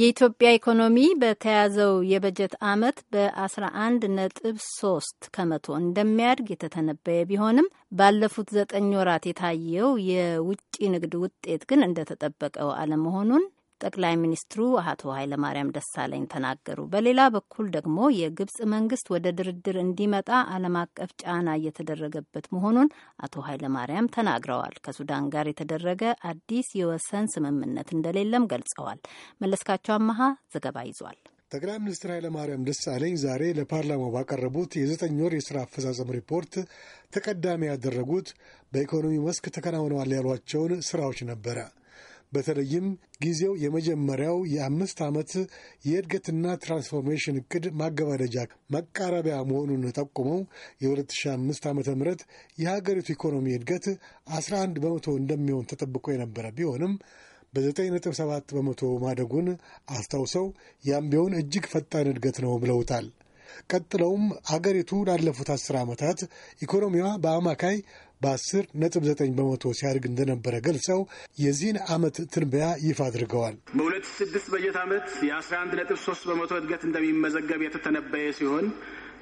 የኢትዮጵያ ኢኮኖሚ በተያዘው የበጀት ዓመት በ11 ነጥብ 3 ከመቶ እንደሚያድግ የተተነበየ ቢሆንም ባለፉት ዘጠኝ ወራት የታየው የውጭ ንግድ ውጤት ግን እንደተጠበቀው አለመሆኑን ጠቅላይ ሚኒስትሩ አቶ ኃይለማርያም ደሳለኝ ተናገሩ። በሌላ በኩል ደግሞ የግብጽ መንግስት ወደ ድርድር እንዲመጣ ዓለም አቀፍ ጫና እየተደረገበት መሆኑን አቶ ኃይለማርያም ተናግረዋል። ከሱዳን ጋር የተደረገ አዲስ የወሰን ስምምነት እንደሌለም ገልጸዋል። መለስካቸው አመሃ ዘገባ ይዟል። ጠቅላይ ሚኒስትር ኃይለማርያም ደሳለኝ ዛሬ ለፓርላማው ባቀረቡት የዘጠኝ ወር የሥራ አፈጻጸም ሪፖርት ተቀዳሚ ያደረጉት በኢኮኖሚ መስክ ተከናውነዋል ያሏቸውን ስራዎች ነበረ። በተለይም ጊዜው የመጀመሪያው የአምስት ዓመት የእድገትና ትራንስፎርሜሽን እቅድ ማገባደጃ መቃረቢያ መሆኑን ጠቁመው የ2005 ዓ ም የሀገሪቱ ኢኮኖሚ እድገት 11 በመቶ እንደሚሆን ተጠብቆ የነበረ ቢሆንም በ9.7 በመቶ ማደጉን አስታውሰው ያም ቢሆን እጅግ ፈጣን እድገት ነው ብለውታል። ቀጥለውም አገሪቱ ላለፉት አስር ዓመታት ኢኮኖሚዋ በአማካይ በ 9 በመቶ ሲያድግ እንደነበረ ገልጸው የዚህን ዓመት ትንበያ ይፋ አድርገዋል። በ2006 በጀት ዓመት የ11.3 በመቶ እድገት እንደሚመዘገብ የተተነበየ ሲሆን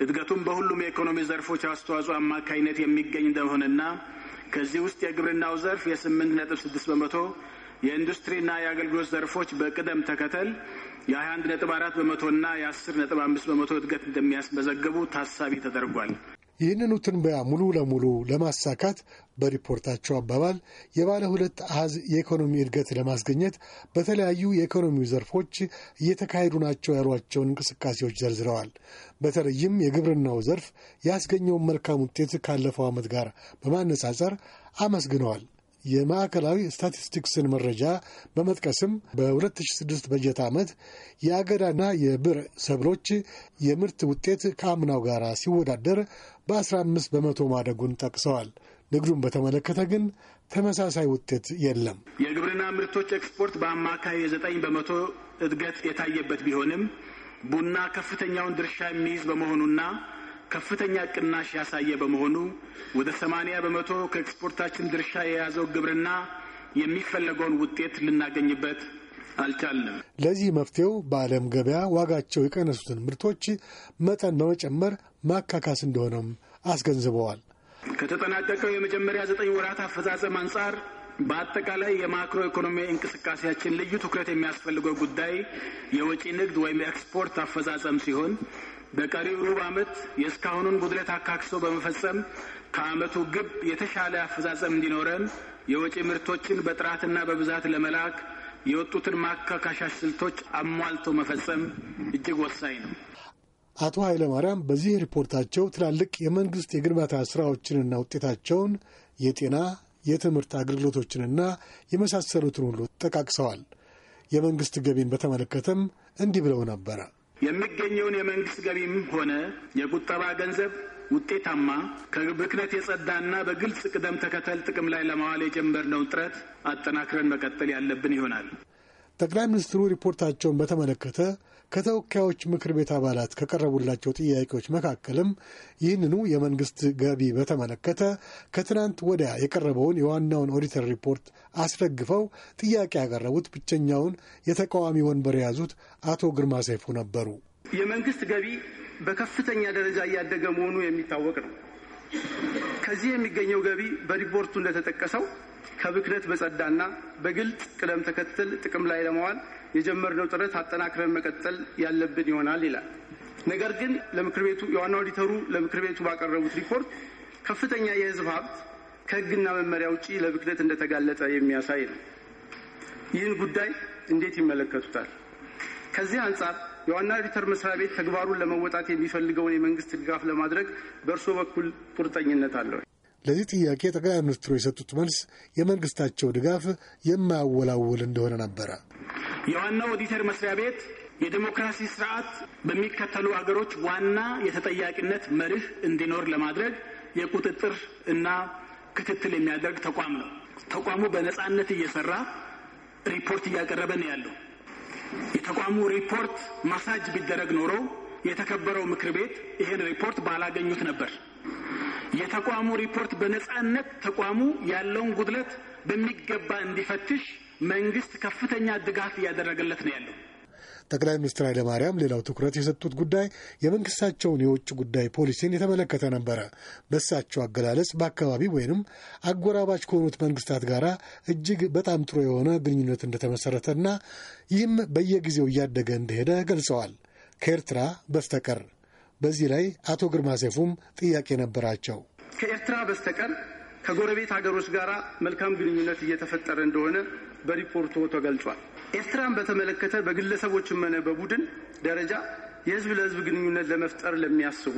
እድገቱም በሁሉም የኢኮኖሚ ዘርፎች አስተዋጽኦ አማካኝነት የሚገኝ እንደሆነና ከዚህ ውስጥ የግብርናው ዘርፍ የ8.6 በመቶ የኢንዱስትሪና የአገልግሎት ዘርፎች በቅደም ተከተል የ21.4 በመቶና የ10.5 በመቶ እድገት እንደሚያስመዘግቡ ታሳቢ ተደርጓል። ይህንኑ ትንበያ ሙሉ ለሙሉ ለማሳካት በሪፖርታቸው አባባል የባለ ሁለት አሃዝ የኢኮኖሚ እድገት ለማስገኘት በተለያዩ የኢኮኖሚ ዘርፎች እየተካሄዱ ናቸው ያሏቸውን እንቅስቃሴዎች ዘርዝረዋል። በተለይም የግብርናው ዘርፍ ያስገኘውን መልካም ውጤት ካለፈው ዓመት ጋር በማነጻጸር አመስግነዋል። የማዕከላዊ ስታቲስቲክስን መረጃ በመጥቀስም በ2006 በጀት ዓመት የአገዳና የብር ሰብሎች የምርት ውጤት ከአምናው ጋር ሲወዳደር በ15 በመቶ ማደጉን ጠቅሰዋል። ንግዱን በተመለከተ ግን ተመሳሳይ ውጤት የለም። የግብርና ምርቶች ኤክስፖርት በአማካይ የዘጠኝ በመቶ እድገት የታየበት ቢሆንም ቡና ከፍተኛውን ድርሻ የሚይዝ በመሆኑና ከፍተኛ ቅናሽ ያሳየ በመሆኑ ወደ 80 በመቶ ከኤክስፖርታችን ድርሻ የያዘው ግብርና የሚፈለገውን ውጤት ልናገኝበት አልቻለም። ለዚህ መፍትሄው በዓለም ገበያ ዋጋቸው የቀነሱትን ምርቶች መጠን በመጨመር ማካካስ እንደሆነም አስገንዝበዋል። ከተጠናቀቀው የመጀመሪያ ዘጠኝ ወራት አፈጻጸም አንጻር በአጠቃላይ የማክሮ ኢኮኖሚ እንቅስቃሴያችን ልዩ ትኩረት የሚያስፈልገው ጉዳይ የወጪ ንግድ ወይም ኤክስፖርት አፈጻጸም ሲሆን በቀሪው ሩብ ዓመት የእስካሁኑን ጉድለት አካክሶ በመፈጸም ከዓመቱ ግብ የተሻለ አፈጻጸም እንዲኖረን የወጪ ምርቶችን በጥራትና በብዛት ለመላክ የወጡትን ማካካሻ ስልቶች አሟልቶ መፈጸም እጅግ ወሳኝ ነው። አቶ ማርያም በዚህ ሪፖርታቸው ትላልቅ የመንግሥት የግንባታ ሥራዎችንና ውጤታቸውን የጤና የትምህርት አገልግሎቶችንና የመሳሰሉትን ሁሉ ጠቃቅሰዋል። የመንግሥት ገቢን በተመለከተም እንዲህ ብለው ነበረ። የሚገኘውን የመንግስት ገቢም ሆነ የቁጠባ ገንዘብ ውጤታማ ከብክነት የጸዳና በግልጽ ቅደም ተከተል ጥቅም ላይ ለማዋል የጀመርነውን ጥረት አጠናክረን መቀጠል ያለብን ይሆናል። ጠቅላይ ሚኒስትሩ ሪፖርታቸውን በተመለከተ ከተወካዮች ምክር ቤት አባላት ከቀረቡላቸው ጥያቄዎች መካከልም ይህንኑ የመንግስት ገቢ በተመለከተ ከትናንት ወዲያ የቀረበውን የዋናውን ኦዲተር ሪፖርት አስደግፈው ጥያቄ ያቀረቡት ብቸኛውን የተቃዋሚ ወንበር የያዙት አቶ ግርማ ሰይፉ ነበሩ። የመንግስት ገቢ በከፍተኛ ደረጃ እያደገ መሆኑ የሚታወቅ ነው። ከዚህ የሚገኘው ገቢ በሪፖርቱ እንደተጠቀሰው ከብክነት በጸዳና በግልጽ ቅደም ተከተል ጥቅም ላይ ለመዋል የጀመርነው ጥረት አጠናክረን መቀጠል ያለብን ይሆናል ይላል። ነገር ግን ለምክር ቤቱ የዋና ኦዲተሩ ለምክር ቤቱ ባቀረቡት ሪፖርት ከፍተኛ የህዝብ ሀብት ከህግና መመሪያ ውጪ ለብክነት እንደተጋለጠ የሚያሳይ ነው። ይህን ጉዳይ እንዴት ይመለከቱታል? ከዚህ አንጻር የዋና ኦዲተር መስሪያ ቤት ተግባሩን ለመወጣት የሚፈልገውን የመንግስት ድጋፍ ለማድረግ በእርስዎ በኩል ቁርጠኝነት አለው? ለዚህ ጥያቄ ጠቅላይ ሚኒስትሩ የሰጡት መልስ የመንግስታቸው ድጋፍ የማያወላውል እንደሆነ ነበረ። የዋናው ኦዲተር መስሪያ ቤት የዲሞክራሲ ስርዓት በሚከተሉ አገሮች ዋና የተጠያቂነት መርህ እንዲኖር ለማድረግ የቁጥጥር እና ክትትል የሚያደርግ ተቋም ነው። ተቋሙ በነጻነት እየሰራ ሪፖርት እያቀረበ ነው ያለው። የተቋሙ ሪፖርት ማሳጅ ቢደረግ ኖሮ የተከበረው ምክር ቤት ይህን ሪፖርት ባላገኙት ነበር። የተቋሙ ሪፖርት በነጻነት ተቋሙ ያለውን ጉድለት በሚገባ እንዲፈትሽ መንግስት ከፍተኛ ድጋፍ እያደረገለት ነው ያለው። ጠቅላይ ሚኒስትር ማርያም ሌላው ትኩረት የሰጡት ጉዳይ የመንግስታቸውን የውጭ ጉዳይ ፖሊሲን የተመለከተ ነበረ። በእሳቸው አገላለጽ በአካባቢ ወይንም አጎራባች ከሆኑት መንግስታት ጋር እጅግ በጣም ጥሩ የሆነ ግንኙነት እንደተመሰረተና ይህም በየጊዜው እያደገ እንደሄደ ገልጸዋል ከኤርትራ በስተቀር በዚህ ላይ አቶ ግርማ ጥያቄ ነበራቸው። ከኤርትራ በስተቀር ከጎረቤት ሀገሮች ጋር መልካም ግንኙነት እየተፈጠረ እንደሆነ በሪፖርቱ ተገልጿል። ኤርትራን በተመለከተ በግለሰቦችም ሆነ በቡድን ደረጃ የህዝብ ለህዝብ ግንኙነት ለመፍጠር ለሚያስቡ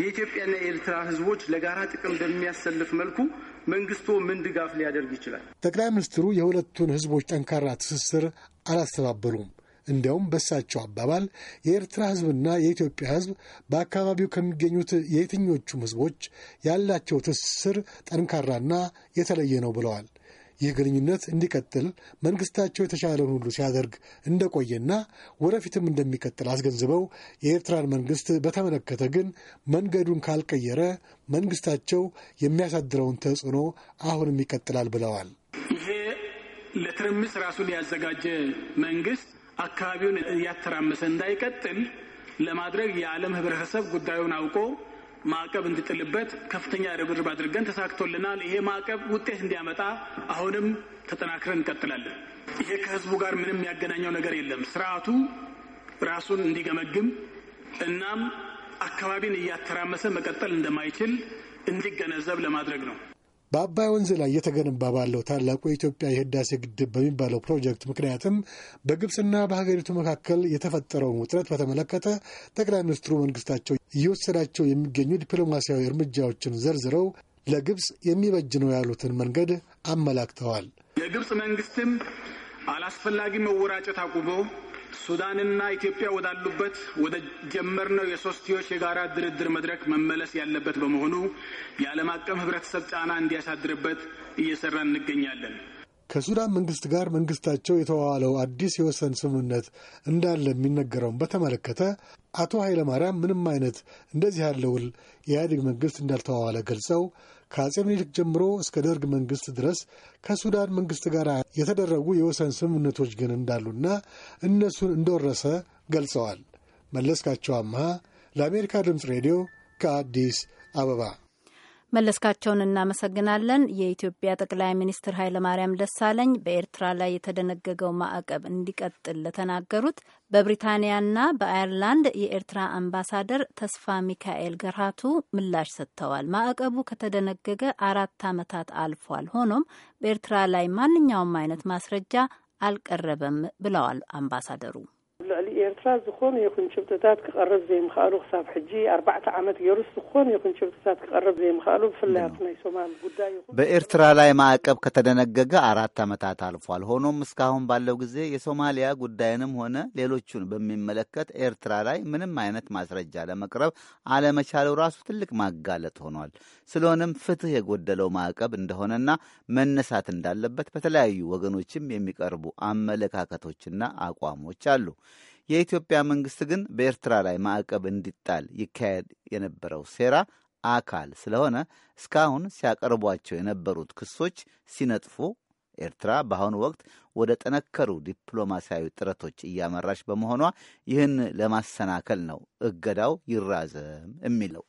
የኢትዮጵያና የኤርትራ ህዝቦች ለጋራ ጥቅም በሚያሰልፍ መልኩ መንግስቱ ምን ድጋፍ ሊያደርግ ይችላል? ጠቅላይ ሚኒስትሩ የሁለቱን ህዝቦች ጠንካራ ትስስር አላስተባበሉም። እንዲያውም በሳቸው አባባል የኤርትራ ህዝብና የኢትዮጵያ ህዝብ በአካባቢው ከሚገኙት የየትኞቹም ህዝቦች ያላቸው ትስስር ጠንካራና የተለየ ነው ብለዋል። ይህ ግንኙነት እንዲቀጥል መንግስታቸው የተሻለውን ሁሉ ሲያደርግ እንደቆየና ወደፊትም እንደሚቀጥል አስገንዝበው የኤርትራን መንግስት በተመለከተ ግን መንገዱን ካልቀየረ መንግስታቸው የሚያሳድረውን ተጽዕኖ አሁንም ይቀጥላል ብለዋል። ይሄ ለትርምስ ራሱን ያዘጋጀ መንግስት አካባቢውን እያተራመሰ እንዳይቀጥል ለማድረግ የዓለም ህብረተሰብ ጉዳዩን አውቆ ማዕቀብ እንዲጥልበት ከፍተኛ ርብርብ አድርገን ተሳክቶልናል። ይሄ ማዕቀብ ውጤት እንዲያመጣ አሁንም ተጠናክረን እንቀጥላለን። ይሄ ከህዝቡ ጋር ምንም የሚያገናኘው ነገር የለም። ስርዓቱ ራሱን እንዲገመግም እናም አካባቢን እያተራመሰ መቀጠል እንደማይችል እንዲገነዘብ ለማድረግ ነው። በአባይ ወንዝ ላይ እየተገነባ ባለው ታላቁ የኢትዮጵያ የህዳሴ ግድብ በሚባለው ፕሮጀክት ምክንያትም በግብፅና በሀገሪቱ መካከል የተፈጠረውን ውጥረት በተመለከተ ጠቅላይ ሚኒስትሩ መንግስታቸው እየወሰዳቸው የሚገኙ ዲፕሎማሲያዊ እርምጃዎችን ዘርዝረው ለግብፅ የሚበጅ ነው ያሉትን መንገድ አመላክተዋል። የግብፅ መንግስትም አላስፈላጊ መወራጨት አቁሞ ሱዳንና ኢትዮጵያ ወዳሉበት ወደ ጀመርነው የሶስትዮሽ የጋራ ድርድር መድረክ መመለስ ያለበት በመሆኑ የዓለም አቀፍ ህብረተሰብ ጫና እንዲያሳድርበት እየሰራ እንገኛለን። ከሱዳን መንግስት ጋር መንግስታቸው የተዋዋለው አዲስ የወሰን ስምምነት እንዳለ የሚነገረውን በተመለከተ አቶ ኃይለማርያም ምንም አይነት እንደዚህ ያለ ውል የኢህአዴግ መንግሥት እንዳልተዋዋለ ገልጸው ከአጼ ምኒልክ ጀምሮ እስከ ደርግ መንግሥት ድረስ ከሱዳን መንግሥት ጋር የተደረጉ የወሰን ስምምነቶች ግን እንዳሉና እነሱን እንደወረሰ ገልጸዋል። መለስካቸው አምሃ ለአሜሪካ ድምፅ ሬዲዮ ከአዲስ አበባ መለስካቸውን እናመሰግናለን። የኢትዮጵያ ጠቅላይ ሚኒስትር ኃይለማርያም ደሳለኝ በኤርትራ ላይ የተደነገገው ማዕቀብ እንዲቀጥል ለተናገሩት በብሪታንያና በአየርላንድ የኤርትራ አምባሳደር ተስፋ ሚካኤል ገርሃቱ ምላሽ ሰጥተዋል። ማዕቀቡ ከተደነገገ አራት ዓመታት አልፏል። ሆኖም በኤርትራ ላይ ማንኛውም አይነት ማስረጃ አልቀረበም ብለዋል አምባሳደሩ። ልዕሊ ኤርትራ ዝኾነ ይኹን ሽብጥታት ክቐርብ ዘይምኽኣሉ ክሳብ ሕጂ ኣርባዕተ ዓመት ገይሩ ዝኾነ ይኹን ሽብጥታት ክቐርብ ዘይምኽኣሉ ብፍላይ ናይ ሶማል ጉዳይ ይኹን በኤርትራ ላይ ማዕቀብ ከተደነገገ አራት ዓመታት አልፏል። ሆኖም እስካሁን ባለው ጊዜ የሶማሊያ ጉዳይንም ሆነ ሌሎቹን በሚመለከት ኤርትራ ላይ ምንም አይነት ማስረጃ ለመቅረብ አለመቻሉ ራሱ ትልቅ ማጋለጥ ሆኗል። ስለሆነም ፍትህ የጎደለው ማዕቀብ እንደሆነና መነሳት እንዳለበት በተለያዩ ወገኖችም የሚቀርቡ አመለካከቶችና አቋሞች አሉ። የኢትዮጵያ መንግስት ግን በኤርትራ ላይ ማዕቀብ እንዲጣል ይካሄድ የነበረው ሴራ አካል ስለሆነ እስካሁን ሲያቀርቧቸው የነበሩት ክሶች ሲነጥፉ ኤርትራ በአሁኑ ወቅት ወደ ጠነከሩ ዲፕሎማሲያዊ ጥረቶች እያመራች በመሆኗ ይህን ለማሰናከል ነው እገዳው ይራዘም የሚለው።